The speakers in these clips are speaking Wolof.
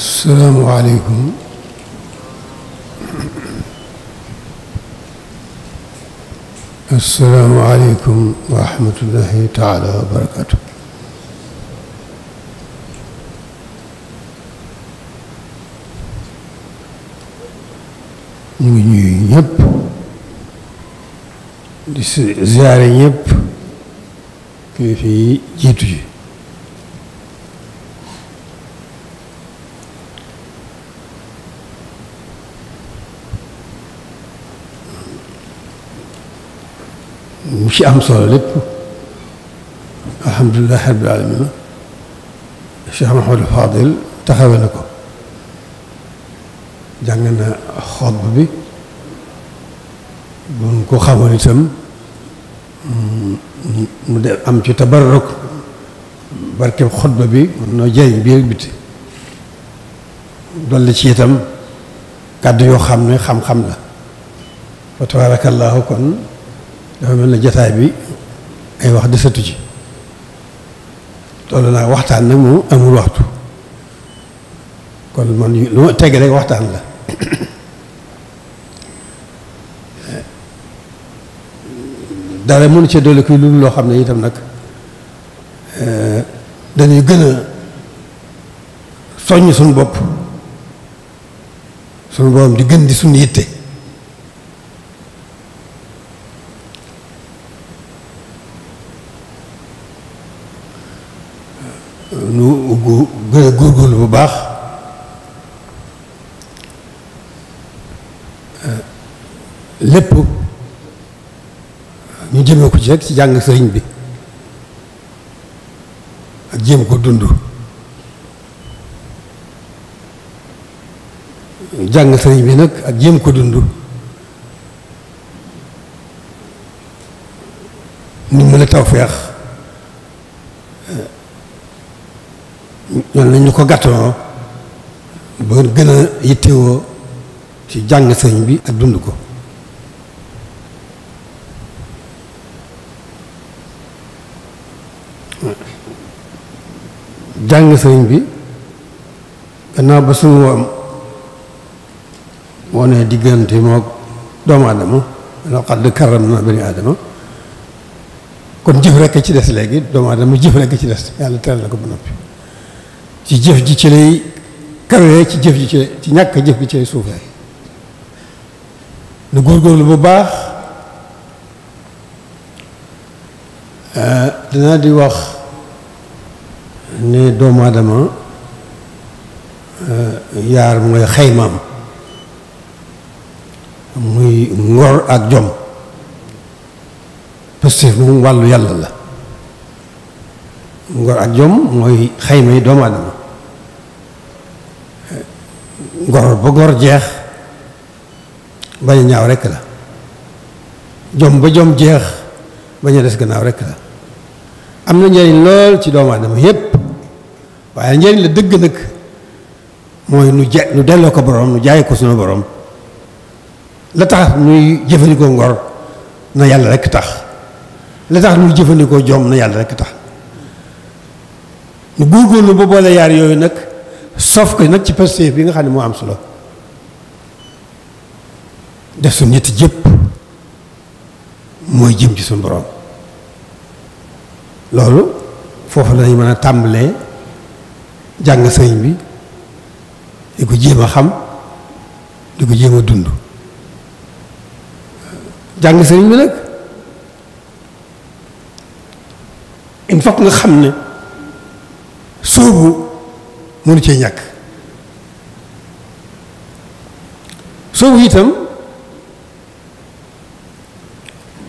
asalaamualeykum asalaamualeykum wa rahmatullahi taala wa barakatu ñu ñuy ñëpp di ziare ñëpp kilifa yi ji mu ci am solo lépp alhamdulilah rabbil alamin Cheikh Mahamadou Fadil taxawe na ko jàng na xutba bi buñ ko xamoon itam mu de am ci tabarruk barkeb xutba bi mën noo jëriñ biir biti dolli ci itam kàddu yoo xam ne xam-xam la fa tabarakallahu kon dafa mel na jataay bi ay wax desatu ci loolu naa waxtaan nag moom amul waxtu kon man lu ma tegg rek waxtaan la dara mënu ci dolli kuy lu loo xam ne itam nag eh, dañuy gën a soññ suñu bopp suñu borom di gën di suñu yitte nu gën a góorgóorlu bu baax euh, lépp ñu jëmee ko ci rek ci jàng sëriñ bi ak jéem ko dund jàng sëriñ bi nag ak jéem ko dund ni mën a tawfeex euh, ñoom nañ ñu ko gàttaloo ba gën a yittewoo ci jàng sëñ bi ak dund ko jàng sëñ bi gannaaw ba suñu woom moo ne diggante moo doomu aadama laqad karramnaa banii aadama kon jëf rekk ci des léegi doomu aadama jëf rekk ci des yàlla teral na ko ba noppi ci jëf ji ci lay kawee ci jëf ji ci lay ci ñàkk jëf ji ci lay suufee nu góorgóorlu bu baax eh, danaa di wax ne doomu aadama eh, yaar mooy xaymaam muy ngor ak jom positif moom wàllu yàlla la ngor ak jom mooy xayma yi doomu gor ba gor jeex bañ ñaaw rekk la jom ba jom jeex bañ des gannaaw rekk la am na njëriñ lool ci doomu aadama yépp waaye njëriñ la dëgg nag mooy nu je nu delloo ko boroom nu jaay ko sunu boroom la tax nuy jëfandikoo ngor na yàlla rekk tax la tax nuy jëfandikoo jom na yàlla rekk tax nu góorgóorlu ba boole yaar yooyu nag sof ko nag ci pastéef bi nga xam ne moo am solo def suñu ñetti jëpp mooy jëm ci su borom loolu foofu lañu mën a tàmbalee jàng sëriñ bi di ko jéem a xam di ko jéem a dund jàng sëriñ bi nag il nga xam ne soobu mënu ci ñàkk soobu itam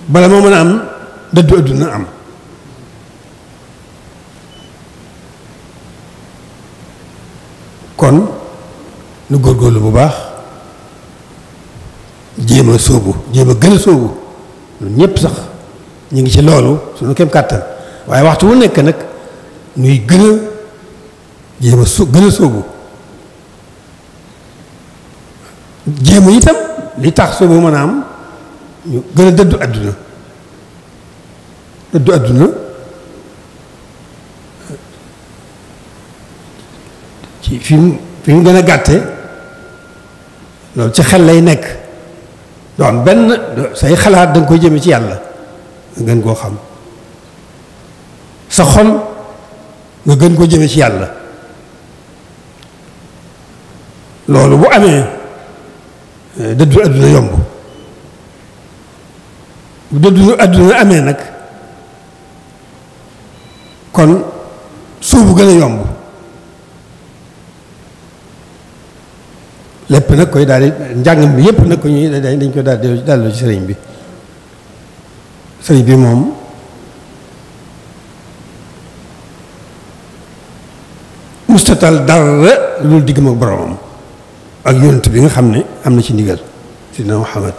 bala moo mën a am dëddu àdduna am kon nu góorgóorlu bu baax jéem a sóobu jéem a gën a ñun ñëpp sax ñu ngi ci loolu suñu kem kàttan waaye waxtu wu nekk nag nuy gën jéem a su gën sóobu jéem itam li tax sóobu mën a am ñu gën a dëddu àdduna dëddu àdduna ci fi fi mu gën a gàtte loolu ci xel lay nekk loo am benn say xalaat da nga koy jëme ci yàlla nga gën koo xam sa xol nga gën koo jëme ci yàlla loolu bu amee eh, dëddu àdduna yomb bu dëddu àdduna amee nag kon suubu gën a yomb lépp nag koy daal di njàng bi yépp nag ko ñuy dañ koy daal di delloo ci sëriñ bi sëriñ bi moom mustatal dara lu dul diggam boromam ak yonent bi nga xam ne am na ci ndigal sidina Muhammad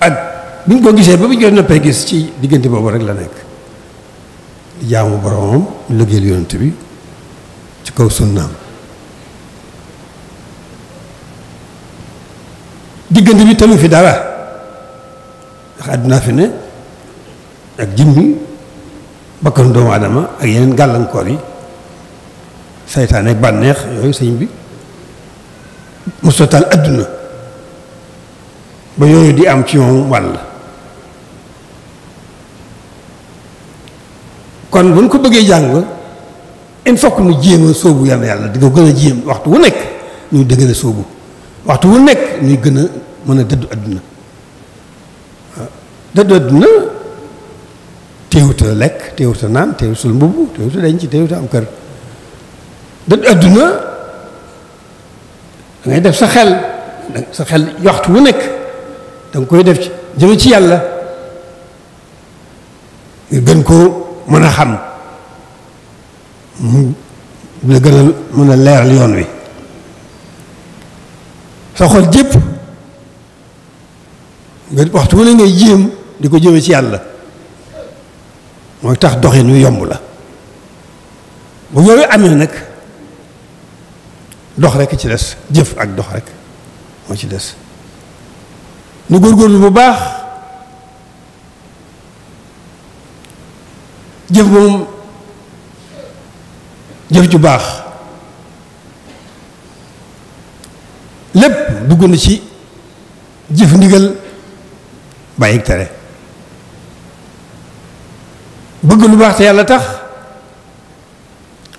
ak bi ñu ko gisee ba bu jot noppee gis ci diggante boobu rek la nekk di jaamu boromam liggéeyal yonent bi ci kaw sunnaam diggante bi tëlu fi dara ndax àdduna fi ne ak jëmmi bakkanu doomu aadama ak yeneen gàllankoor yi saytaan bànneex yooyu sëñ bi musta taal adduna ba yooyu di am ci moom wàll kon buñ ko bëggee jàng il faut que nu jéem a yàlla yàlla di ko gën a jéem waxtu wu nekk ñu dëgën a sóobu waxtu wu nekk ñuy gën a mën a dëddu adduna dëddu adduna téewuta lekk téewuta naan téewutul mbubb téewuta denc téewuta am kër da adduna da ngay def sa xel sa xel waxtu wu nekk da nga koy def ci jëme ci yàlla nga gën koo mën a xam mu la gën a mën a leeral yoon wi sa xol jépp nga waxtu wu ne ngay jéem di ko jëme ci yàlla mooy tax doxin wi yomb la bu yooyu amee nag dox rek ci des jëf ak dox rek moo ci des nu góorgóorlu bu baax jëf moom jëf ju baax lépp dugg na ci jëf ndigal bàyyi tere bëgg lu baax te yàlla tax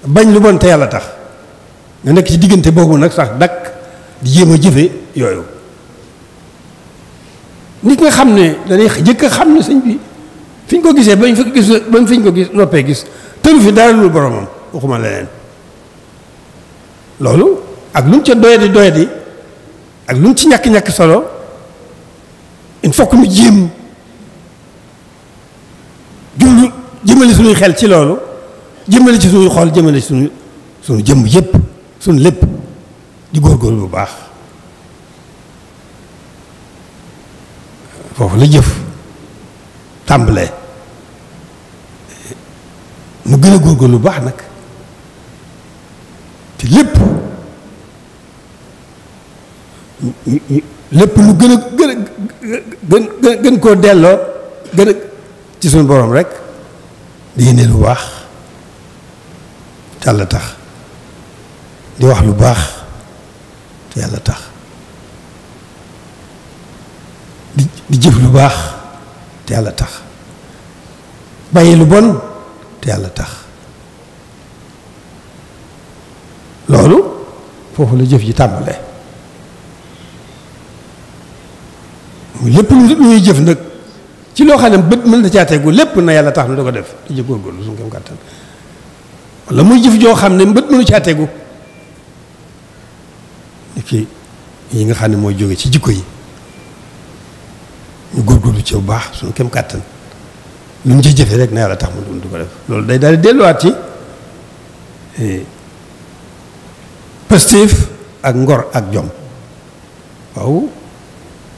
bañ lu bon te yàlla tax nga nekk ci diggante boobu nag sax dakk di jéem a jëfe yooyu nit nga xam ne dañuy jëkk xam ne sëñ bi fi ñu ko gisee bañ fa gis bañ fi ñu ko gis noppee gis tëru fi dara lu boromam waxuma leneen loolu ak lu mu ca doyadi doyadi ak lu mu ci ñàkk-ñàkk solo il faut que ñu jéem jëmale suñuy xel ci loolu jëmale ci suñuy xool jëmale ci suñu suñu jëmm yépp suñ lépp di góorgóorlu bu baax foofu la jëf tàmbalee mu gën a góorgóorlu lu baax nag te lépp lépp lu gën a gën gën gën koo delloo gën a ci suñu boroom rek di yéene lu baax te Yàlla tax di wax lu baax te yàlla tax di di jëf lu baax te yàlla tax bàyyi lu bon te yàlla tax loolu foofu la jëf ji tàmbale mu lépp lu ñuy jëf nag ci loo xam ne bët mën na caa tegu lépp na yàlla tax nu da ko def di jëf góorgóorlu suñu kéem kàttan wala muy jëf joo xam ne bët mënu caa tegu ci yi nga xam ne mooy jóge ci jikko yi ñu góorgóorlu ci bu baax suñu kem kàttan lu ñu ci jëfee rek na yàlla tax mu du ko def loolu day daal delluwaat ci eh, positif ak ngor ak jom waaw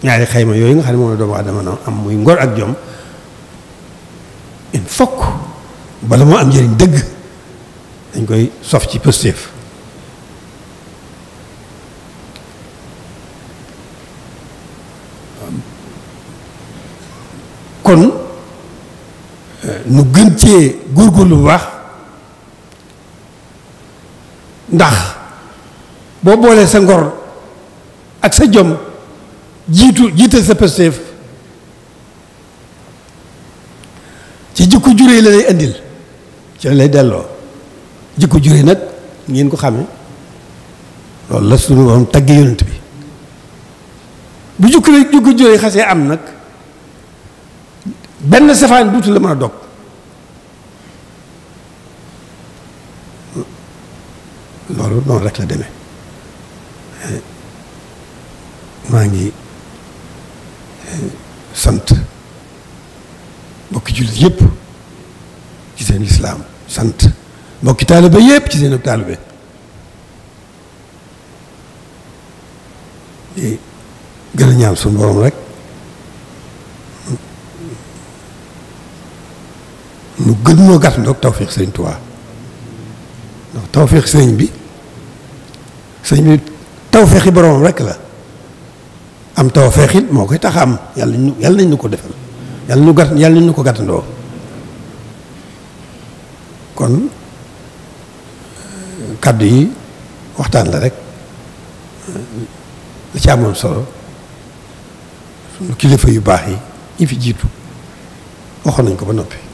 ñaari xayma yooyu nga xam ne moom la doomu aadama am muy ngor ak jom il fokk bala moo am njëriñ dëgg dañ koy sof ci positif kon euh, nu gën cee góorgóorlu lu baax ndax boo boolee sa ngor ak sa jom jiitu jiital sa Pastef ci jikko juree la lay andil ci lay delloo jikko juree nag ngeen ko xame loolu la suñu moom tagge yonent bi bu jukki jikko juree xasee am nag benn safaan duutu la mën a dog loolu noonu rek la demee maa ngi eh, sant mbokki jullit yépp ci seen lislaam sant mbokki taalibe yëpp ci seen ak taalibe di gën a ñaan suñu borom rek nu gën noo gàtt ndoog tawféex sëñ Tuubaa tawféex sëñ bi sëñ bi tawféexi boromam rekk la am tawféex it moo koy tax am yàlla ñu yàlla nañ ñu ko defal yàlla ñu gàtt yàlla ñu ko gàttandoo kon kàddu yi waxtaan la rek la ci amoon solo sunu kilifa yu baax yi ñi fi jiitu waxoon nañ ko ba noppi.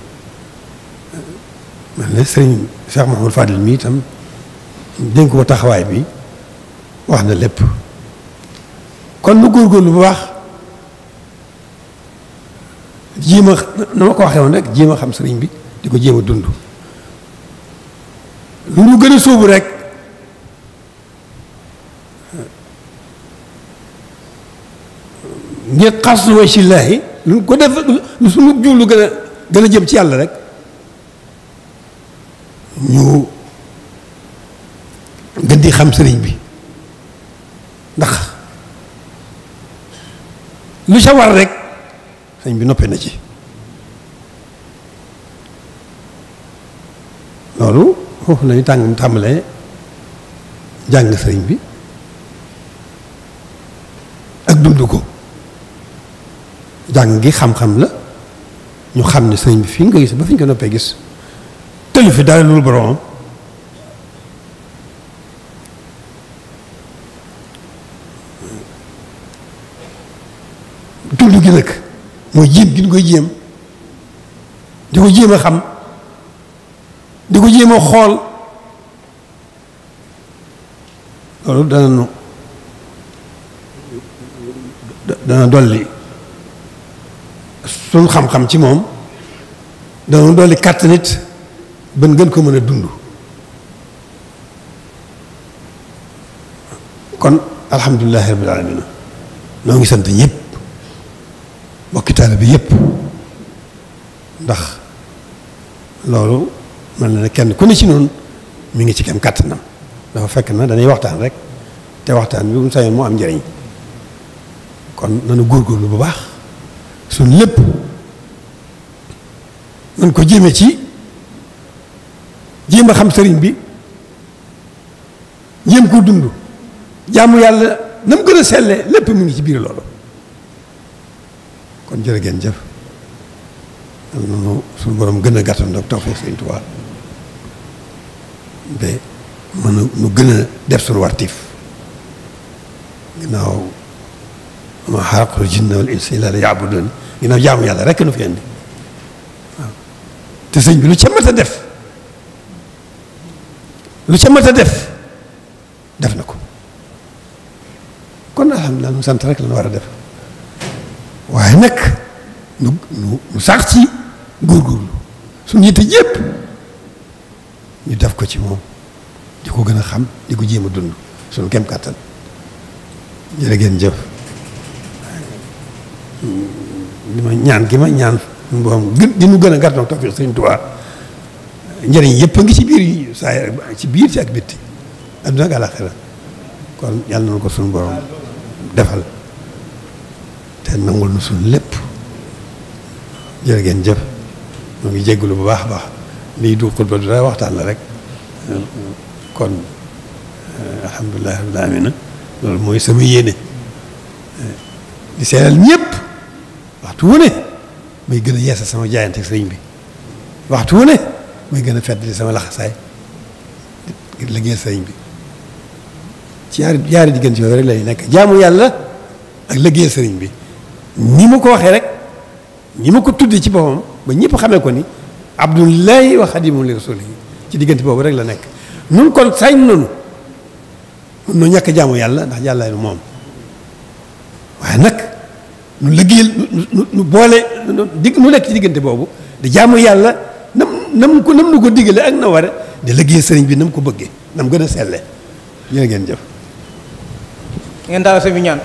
man ne sëriñ Cheikh Mouhamadou Fadil mi itam dénk ko taxawaay bi wax na lépp kon nu góorgóorlu bu baax jéem a na ma ko waxee woon rek jéem a xam sëriñ bi di ko jéem a dund lu ñu gën a sóobu rek ngir xas lu way si laahi lu ko def lu suñu jublu gën a gën a jëm ci yàlla rek ñu gën xam sëriñ bi ndax lu ca war rek sëriñ bi noppee na ci loolu foofu lañu tàng tàmbalee jàng sëriñ bi ak dund ko jàng gi xam-xam la ñu xam ne sëriñ bi fi nga gis ba fi ñu noppee gis tëju fi dara loolu boromam dund gi nag mooy jéem gi koy jéem di ko jéem a xam di ko jéem xool loolu dana nu dana dolli suñ xam-xam ci moom dana dolli kàtt nit ban gën ko mën a dund kon alhamdulilahi rabbil alamin noo ngi sant ñëpp mbokki taalibe bi yëpp ndax loolu mel na ne kenn ku ne ci noonu mu ngi ci kem kàttanam dafa fekk na dañuy waxtaan rek te waxtaan bi mu sañoon moo am njëriñ kon nanu góorgóorlu bu baax suñ lépp nan ko jëme ci jéem a xam sëriñ bi jéem koo dund jaamu yàlla na mu gën a sellee lépp mu ngi ci biir loolu kon jërë ngeen jëf am nanu suñu borom gën a gàttandoog tawfeex sëriñ Tuubaa ba mën nu gën a def suñu wartiif ginnaaw ma xalaqtul jinna wal insa illa liya'budun ginnaaw jaamu yàlla rekk nu fi indi waaw te sëñ bi lu ca mat def lu ca mat a def def na ko kon alhamdulilah nu sant rek la war a def waaye nag nu nu sax ci góorgóorlu suñu yitte yépp ñu def ko ci moom di ko gën a xam di ko jéem a dund suñu kem kàttan jërë ngeen jëf mm, li ma ñaan gi ma ñaan boom gën di nu gën a gàtt nag tawfiq Sëriñ njëriñ yëpp a ngi ci biir saa ci biir ci ak bitti adduna ak àlaxira kon yàlla na ko suñu borom defal te nangul nu suñu lépp jërë ngeen jëf mu ngi jégalu bu baax a baax lii du xutba du dara waxtaan la rek kon eh, alhamdulilah rabbil loolu mooy sama yéene eh, di seeral ñëpp waxtu wu ne may gën a yeesa sama jaayante ak sëriñ bi waxtu wu muy gën a feddali sama laxasaay ngir liggéey sëriñ bi ci ñaari ñaari diggante yooyu rek lay nekk jaamu yàlla ak liggéey sëriñ bi ni mu ko waxee rek ni ma ko tuddee ci boppam ba ñëpp xamee ko ni abdullahi wa xadimu li ci diggante boobu rek la nekk nun ko sañ nonu mun nu ñàkk jaamu yàlla ndax yàlla moom waaye nag nu liggéeyal nu boole nu nekk ci diggante boobu di jaamu yàlla nam ko nam nu ko digale ak na ware di liggéey sëriñ bi nam ko bëggee nam gën a selle jërë ngeen jëf ngeen daal sa bi ñaan